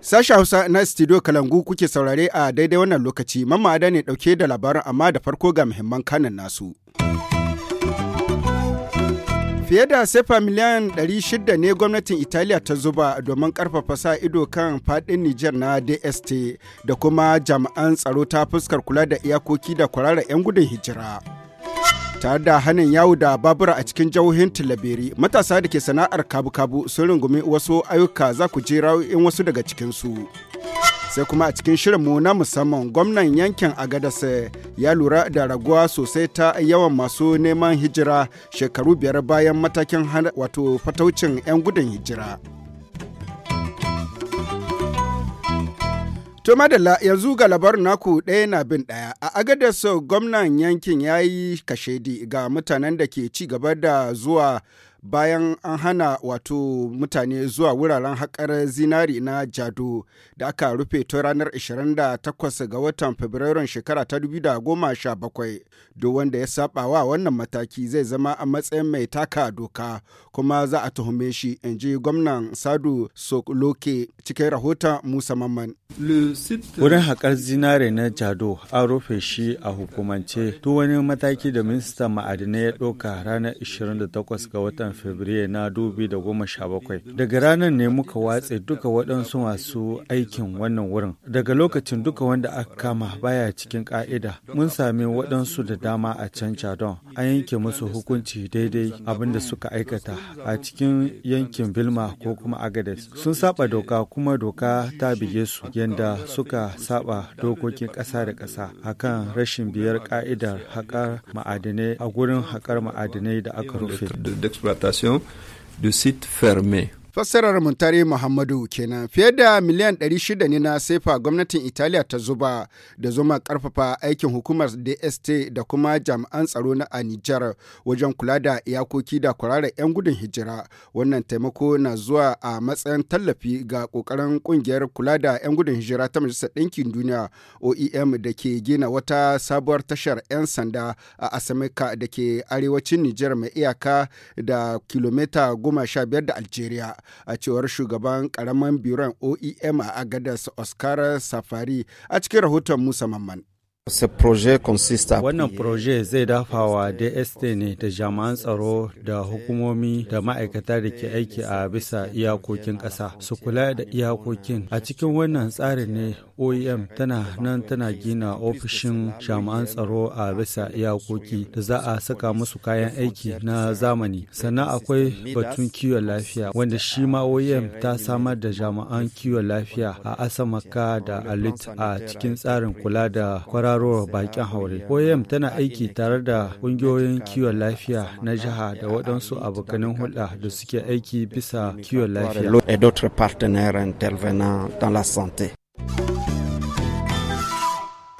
Sasha Hausa na studio Kalangu kuke saurare a daidai wannan lokaci. Mamma Ada ne dauke da labarin amma da farko ga muhimman kanan nasu. Fiye da sefa miliyan 600 ne gwamnatin Italiya ta zuba domin karfafa sa ido kan fadin Nijar na DST da kuma jami'an tsaro ta fuskar kula da iyakoki da kwararra 'yan gudun hijira. tare da hannun yawu da babura a cikin jihohin tilabiri matasa da ke sana'ar kabu-kabu sun rungumi wasu ayyuka za ku je ra'o'in wasu daga cikinsu. sai kuma a cikin shirinmu na musamman gwamnan yankin agadas ya lura da raguwa sosai ta yawan masu neman hijira shekaru biyar bayan matakin wato fataucin 'yan gudun hijira To madalla yanzu ga labarin naku ɗaya na bin ɗaya a agadas gwamnan yankin ya yi kashedi ga mutanen da ke ci gaba da zuwa bayan an hana wato mutane zuwa wuraren haƙar zinari na jado da aka rufe ta ranar 28 ga watan fabrairun shekara ta 2017 duk wanda ya saba wa wannan mataki zai zama a matsayin mai taka doka kuma za a tuhume shi in ji gwamnan sadu sokoloke cikin rahoton musa mamman wurin haƙar zinare na jado an rufe shi a hukumance duk wani mataki da ministan ma'adinai ya ɗauka ranar 28 ga watan watan Fabrairu na 2017. Daga ranar ne muka watse duka waɗansu masu aikin wannan wurin. Daga lokacin duka wanda aka kama baya cikin ka'ida Mun sami waɗansu da dama a can Chadon. An yanke musu hukunci daidai abinda suka aikata a cikin yankin Bilma ko kuma Agades. Sun saba doka kuma doka ta bige su yanda suka saba dokokin ƙasa da ƙasa akan rashin biyar ƙa'idar haƙar ma'adinai a gurin haƙar ma'adinai da aka rufe. l'exploitation de sites fermés. Fassarar Muntari Muhammadu kenan fiye da miliyan 600 ne na sefa gwamnatin Italiya ta zuba da zuma karfafa aikin hukumar DST da kuma jami'an tsaro na Nijar wajen kula da iyakoki da kwararar 'yan gudun hijira. Wannan taimako na zuwa a matsayin tallafi ga kokarin kungiyar kula da 'yan gudun hijira ta Majalisar Ɗinkin Duniya OEM da ke gina wata sabuwar tashar 'yan sanda a Asamika da ke arewacin Nijar mai iyaka da kilomita goma da Algeria. a cewar shugaban karamin biron oem a agadas oscar safari a cikin rahoton musa mamman Wannan proje zai dafawa DST ne da jami'an tsaro da hukumomi da ma'aikata da ke aiki a bisa iyakokin ƙasa su kula da iyakokin. A cikin wannan tsarin ne OEM tana nan tana gina ofishin jami'an tsaro a bisa iyakoki da za a saka musu kayan aiki na zamani. Sannan akwai batun kiwon lafiya wanda shi ma OEM ta samar da jami'an kiwon lafiya a Asamaka da Alit a cikin tsarin kula da kwararo kwararowar bakin haure. OEM tana aiki tare da ƙungiyoyin kiwon lafiya na jiha da waɗansu abokanin hulɗa da suke aiki bisa kiwon lafiya.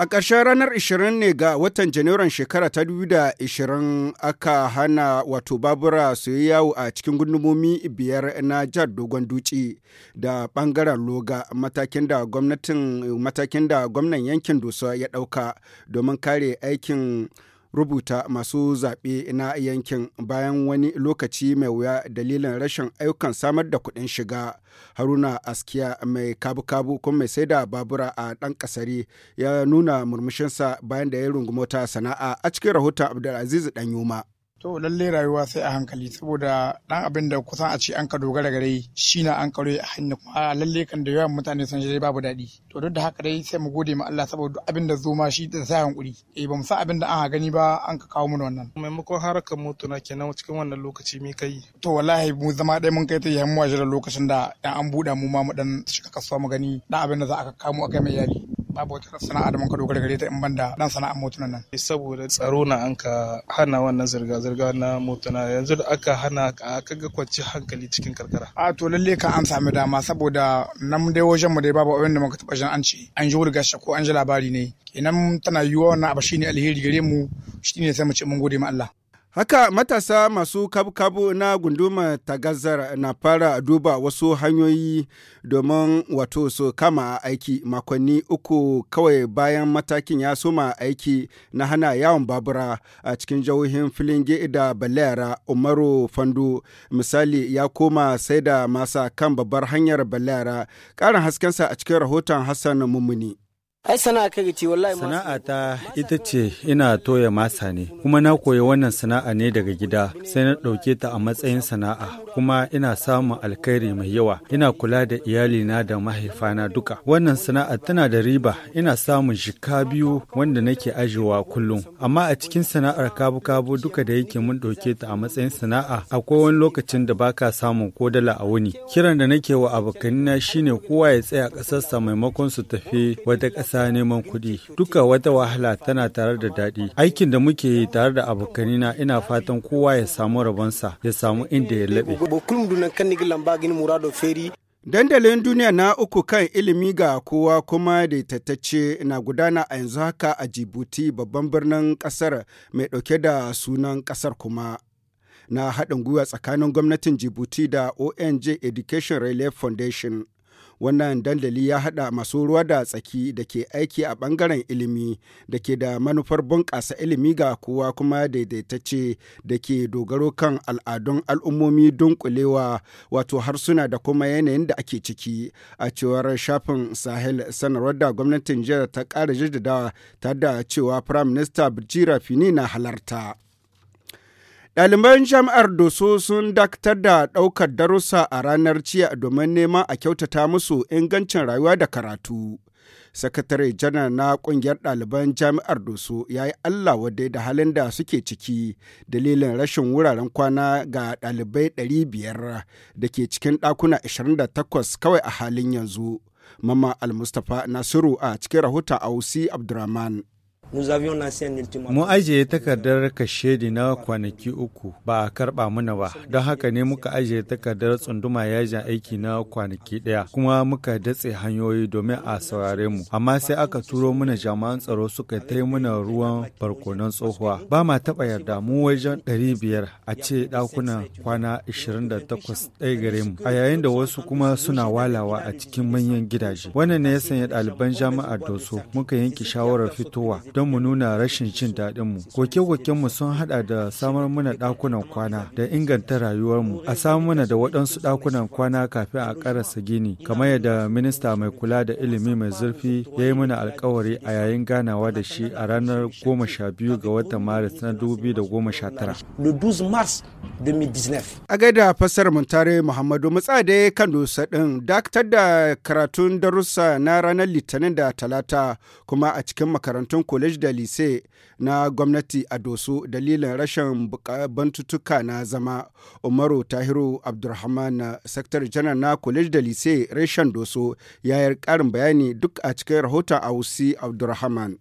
A ƙarshen ranar 20 ne ga watan Janairun shekara ta 2020 aka hana wato babura su yi yawo a cikin gundumomi biyar na jihar Dogon Duci da ɓangaren Loga matakin da gwamnatin matakin da gwamnan yankin Dosa ya ɗauka domin kare aikin rubuta masu zaɓe na yankin bayan wani lokaci mai wuya dalilin rashin ayyukan samar da kuɗin shiga. Haruna Askiya mai kabu-kabu kuma mai saida babura a ɗan ƙasari ya nuna murmushinsa bayan da ya rungumi wata sana'a a cikin rahoton Abdulaziz ɗan yuma To lalle rayuwa sai a hankali saboda dan abin da kusan a ce an ka dogara gare shi na an kare a hanya kuma a lalle kan da yawan mutane sun je babu daɗi. To duk da haka dai sai mu gode ma Allah saboda abin da zo ma shi da sa hankuri. Eh ba mu san abin da an gani ba an ka kawo mana wannan. Maimakon harakan moto na kenan cikin wannan lokaci me kai. To wallahi mu zama dai mun kai ta yamma jira lokacin da an buɗa mu ma mu dan shiga kasuwa mu gani dan abin da za a kawo mu a kai mai yari. babu wata sana'a da muka dogara gare ta in banda dan sana'ar motunan nan saboda tsaro na an ka hana wannan zirga zirga na motuna yanzu da aka hana ka kaga kwanci hankali cikin karkara a to lalle ka an sami dama saboda nan dai wajen mu dai babu abin da muka taba jin an ce an ji wurga ko an ji labari ne kenan tana yiwuwa wannan abashi ne alheri gare mu shine sai mu ce mun gode ma Allah Haka matasa masu kabu-kabu na gunduma tagazar na fara duba wasu hanyoyi domin wato su kama aiki makonni uku kawai bayan matakin ya soma aiki na hana yawon babura a cikin jihohin filinge da balera umaru fandu misali ya koma sai da masa kan babbar hanyar balera ƙarin haskensa a cikin rahoton hassan mummuni. Ai sana'a ka ce wallahi Sana'a ta ita ce ina toya masa ne kuma na koyi wannan sana'a ne daga gida sai na ɗauke ta a matsayin sana'a kuma ina samun alkhairi mai yawa ina kula da iyalina da mahaifana duka wannan sana'a tana da riba ina samun shika biyu wanda nake ajiyewa kullum amma a cikin sana'ar kabu kabu duka da yake mun ɗauke ta a matsayin sana'a akwai wani lokacin da baka samun ko dala a wuni kiran da nake wa abokanina shine kowa ya tsaya ƙasarsa maimakon su tafi wata ƙasa wasa neman kuɗi. Duka wata wahala tana tare da daɗi. Aikin da muke yi tare da abokanina ina fatan kowa ya samu rabonsa ya samu inda ya laɓe. Dandalin duniya na uku kan ilimi ga kowa kuma da tattace na gudana a yanzu haka a Jibuti babban birnin ƙasar mai ɗauke da sunan kasar kuma. Na haɗin gwiwa tsakanin gwamnatin Jibuti da ONG Education Relief Foundation. Wannan dandali ya haɗa masu ruwa da tsaki da ke aiki a ɓangaren ilimi da ke da manufar bunƙasa ilimi ga kowa kuma daidaitacce da ke dogaro kan al'adun al'ummomi dunkulewa wato harsuna da kuma yanayin da ake ciki a cewar shafin sahel sanarwar da gwamnatin jihar ta ƙara jaddadawa ta da cewa firaminista bijira fini na halarta. Ɗaliban jami'ar Doso sun dakatar da ɗaukar darussa a ranar ciya domin neman a kyautata musu ingancin rayuwa da karatu. sakatare janar na ƙungiyar ɗaliban jami'ar doso ya yi allah wadai da halin da suke ciki dalilin rashin wuraren kwana ga ɗalibai 500 da ke cikin ɗakuna 28 kawai a halin yanzu mama Mustapha, nasiru a cikin rahoton ausi abdurrahman mu ajiye takardar kashedi na kwanaki uku ba a karɓa mana ba, don haka ne muka ajiye takardar tsunduma yajin aiki na kwanaki ɗaya, kuma muka datse hanyoyi domin a saurare mu. Amma sai aka turo mana jama'an tsaro suka tai mana ruwan barkonan tsohuwa. Ba ma taɓa yarda mu wajen ɗari biyar a ce ɗakunan kwana ashirin da takwas ɗaya gare mu, a yayin da wasu kuma suna walawa a cikin manyan gidaje. Wannan ne ya sanya ɗaliban jami'ar Doso muka yanke shawarar fitowa. don mu nuna rashin jin mu Koke-kokenmu sun haɗa da samar mana ɗakunan kwana da inganta rayuwarmu. A samu mana da waɗansu ɗakunan kwana kafin a ƙarasa gini, kamar yadda minista mai kula da ilimi mai zurfi ya yi mana alkawari a yayin ganawa da shi a ranar 12 ga watan Maris na 2019. A gaida fasar Muntare Muhammadu Matsade kan dusa ɗin dakatar da karatun darussa na ranar Litinin da Talata kuma a cikin makarantun kolejin college da lise na gwamnati a doso dalilin rashin bantutuka na zama umaru tahiru abdulrahman na sektar janar na college da lise rashin doso yi karin bayani duk a cikin rahoton ausi abdulrahman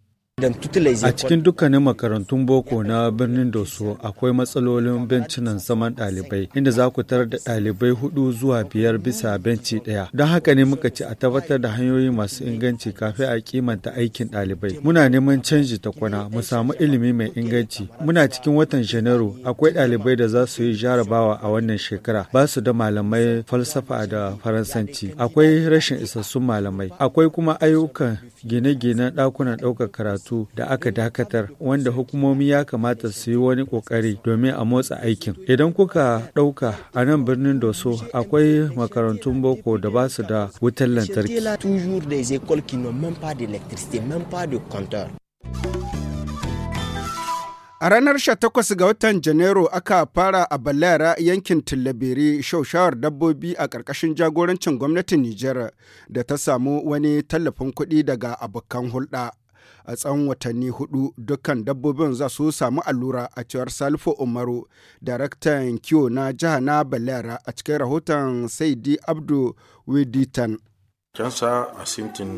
A cikin dukkanin makarantun boko na birnin Doso akwai matsalolin bencinan zaman ɗalibai inda za ku tarar da ɗalibai hudu zuwa biyar bisa benci ɗaya. Don haka ne muka ci a tabbatar da hanyoyi masu inganci kafin a kimanta aikin ɗalibai. Muna neman canji takwana mu samu ilimi mai inganci. Muna cikin watan Janairu akwai ɗalibai da za su yi jarabawa a wannan shekara ba su da malamai falsafa da faransanci. Akwai rashin isassun malamai. Akwai kuma ayyukan gine-ginen ɗakunan ɗaukar karatu su da aka dakatar wanda hukumomi ya kamata su yi wani kokari domin a motsa aikin idan kuka ɗauka a nan birnin doso akwai makarantun boko da ba su da wutar lantarki A ranar 18 ga watan Janairu aka fara a balayara yankin Tillabiri shaushawar dabbobi a ƙarƙashin jagorancin gwamnatin Nijar da ta samu wani tallafin kuɗi daga abokan hulɗa. a tsawon watanni hudu dukkan dabbobin za su samu allura a cewar salifo umaru daraktan kiwo na jiha na balera a cikin rahoton saidi abdu widitan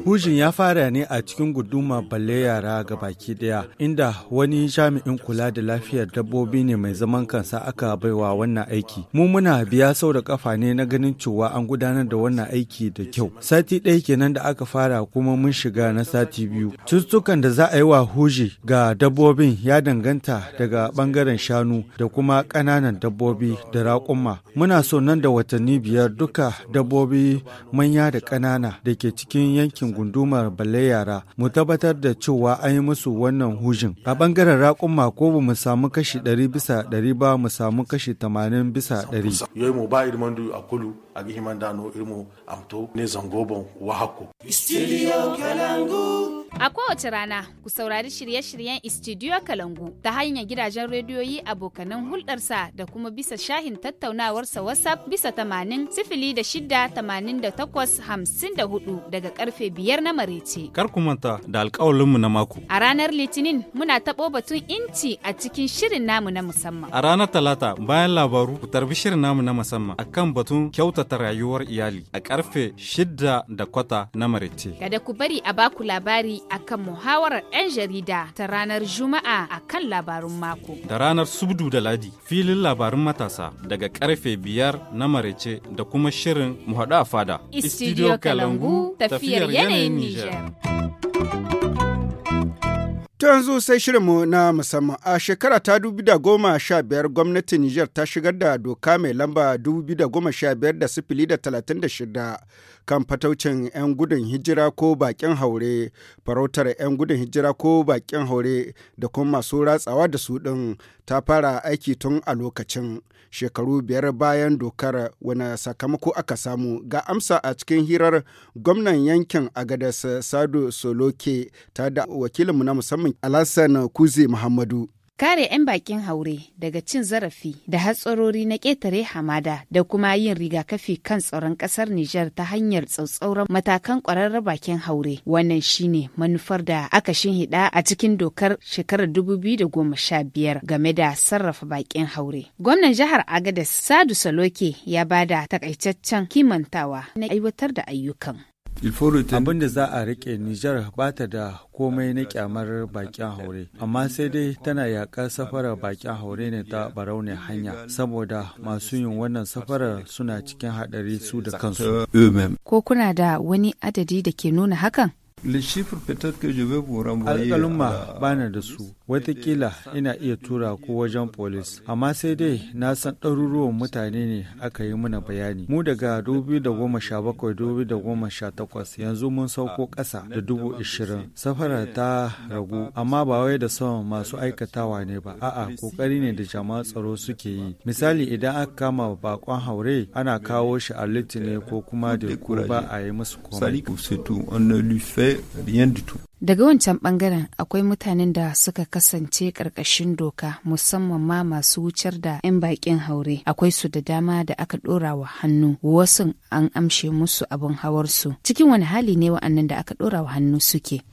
Hujin ya fara ne a cikin guduma balle yara ga baki daya, inda wani jami'in kula da lafiyar dabbobi ne mai zaman kansa aka baiwa wannan aiki. Mu muna biya sau da kafa ne na ganin cewa an gudanar da wannan aiki da kyau. Sati ɗaya kenan da aka fara kuma mun shiga na sati biyu. Cututtukan da za a yi wa huji ga dabbobin ya danganta daga bangaren shanu da kuma ƙananan dabbobi da raƙuma. Muna so nan da watanni biyar duka dabbobi manya da ƙanana Ghana da ke cikin yankin gundumar balle yara mu tabbatar da cewa an yi musu wannan hujin a bangaren raƙumma ko ba mu samu kashi ɗari bisa ɗari ba mu samu kashi tamanin bisa ɗari. agi man dano irmo amto ne zangobon wahako studio kalangu a kowace rana ku saurari shirye-shiryen studio kalangu ta hanyar gidajen rediyoyi abokanan hulɗarsa da kuma bisa shahin tattaunawarsa whatsapp bisa tamanin sifili da shida tamanin da takwas hamsin da hudu daga karfe biyar na marece kar ku manta da alƙawalinmu na mako a ranar litinin muna taɓo batun inci a cikin shirin namu na musamman a ranar talata bayan labaru ku tarbi shirin namu na musamman akan batun kyauta kyautata rayuwar iyali a karfe shidda da kwata na maraice. Kada ku bari a baku labari akan muhawarar 'yan jarida ta ranar Juma'a akan labarun mako. Da ranar Subdu da Ladi filin labarun matasa daga karfe biyar na maraice da kuma shirin mu a fada. Istidiyo Kalangu tafiyar yanayin Nijar. To yanzu sai shirinmu na musamman a shekara ta biyar gwamnatin Nijar ta shigar da doka mai lamba 2015 da sifili da talatin da shida kan fataucin 'yan gudun hijira ko bakin haure farautar 'yan gudun hijira ko bakin haure da kuma masu ratsawa da su ɗin ta fara aiki tun a lokacin shekaru biyar bayan dokar wani sakamako aka samu ga amsa a cikin hirar gwamnan yankin agadas sado soloke ta da wakilinmu na musamman alasan kuzi muhammadu Kare 'yan bakin haure daga cin zarafi da hatsarori na ƙetare hamada da kuma yin rigakafi kan tsaron ƙasar Nijar ta hanyar tsautsauran matakan ƙwararren bakin haure. Wannan shine manufar da aka shinhiɗa a cikin dokar shekarar dubu biyu da goma sha biyar game da sarrafa bakin haure. Gwamnan jihar Agadez Sadu Saloke ya bada takaitaccen kimantawa na aiwatar da ayyukan. abin da za a rike Nijar ba ta da komai na kyamar bakin haure amma sai dai tana yakar safarar bakin haure ne ta barauniyar hanya saboda masu yin wannan safarar suna cikin haɗari su da kansu ko kuna da wani adadi da ke nuna hakan alƙalumma bana da su watakila ina iya tura ku wajen polis amma sai dai na san ɗaruruwan mutane ne aka yi mana bayani mu daga 2017-2018 yanzu mun sauko ƙasa da 20,000 safara ta ragu amma ba wai da son masu aikatawa ne ba a'a ƙoƙari ne da jama'a tsaro suke yi misali idan aka kama bakon haure ana kawo shi a litinin ko kuma da ba a yi musu komai rien du tout. daga wancan bangaren akwai mutanen da suka kasance karkashin doka musamman ma masu wucar da 'yan bakin haure akwai su da dama da aka dora wa hannu wasu an amshe musu abin su. cikin wani hali ne wa'annan da aka dora wa hannu suke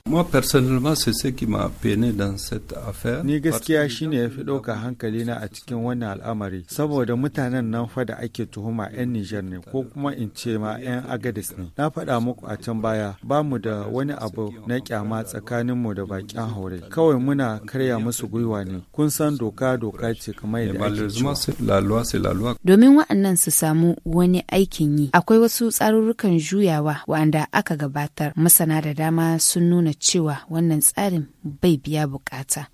ni gaskiya shine yafi fi ɗauka hankali na a cikin wannan al'amari saboda mutanen nan fa da ake tuhuma 'yan nijar ne ko kuma in ce ma 'yan agadis ne na faɗa muku a can baya ba mu da wani abu na kyama tsakanin tsakaninmu da bakin haure kawai muna karya musu gwiwa ne kun san doka doka ce kamar da domin waɗannan su samu wani aikin yi akwai wasu tsarurrukan juyawa wanda aka gabatar masana da dama sun nuna cewa wannan tsarin bai biya bukata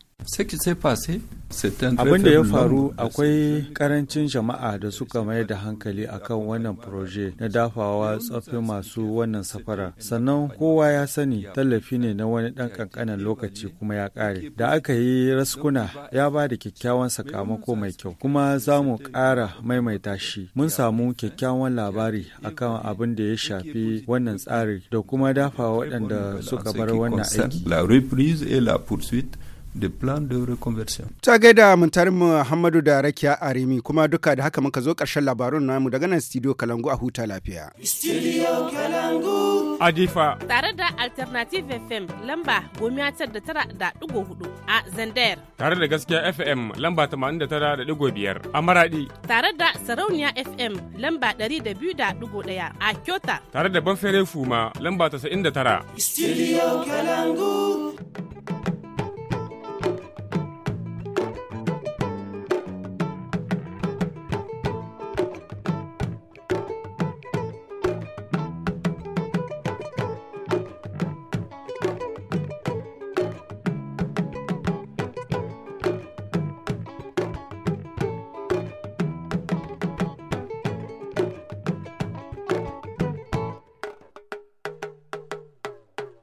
abin da ya faru akwai karancin jama'a da suka mai da hankali akan wannan proje na dafawa tsoffin masu wannan safara sannan kowa ya sani tallafi ne na wani dan kankanin lokaci kuma ya kare da aka yi raskuna ya ba da kyakkyawan sakamako mai kyau kuma za mu kara maimaita shi mun samu kyakkyawan labari akan abin da ya shafi wannan tsari da kuma dafawa waɗanda suka bar wannan aiki de plan de reconversion. Ta gaida mu Muhammadu da Rakiya Arimi kuma duka da haka muka zo karshen labarun namu daga nan studio Kalangu a huta lafiya. Studio Kalangu. Adifa. Tare da Alternative FM lamba gomiya tar da tara da ɗigo hudu a zander. Tare da gaskiya FM lamba tamanin da tara da ɗigo biyar a Maradi. Tare da Sarauniya FM lamba ɗari da biyu da ɗigo ɗaya a Kyota. Tare da Banfere Fuma lamba tasa'in da tara. Studio Kalangu.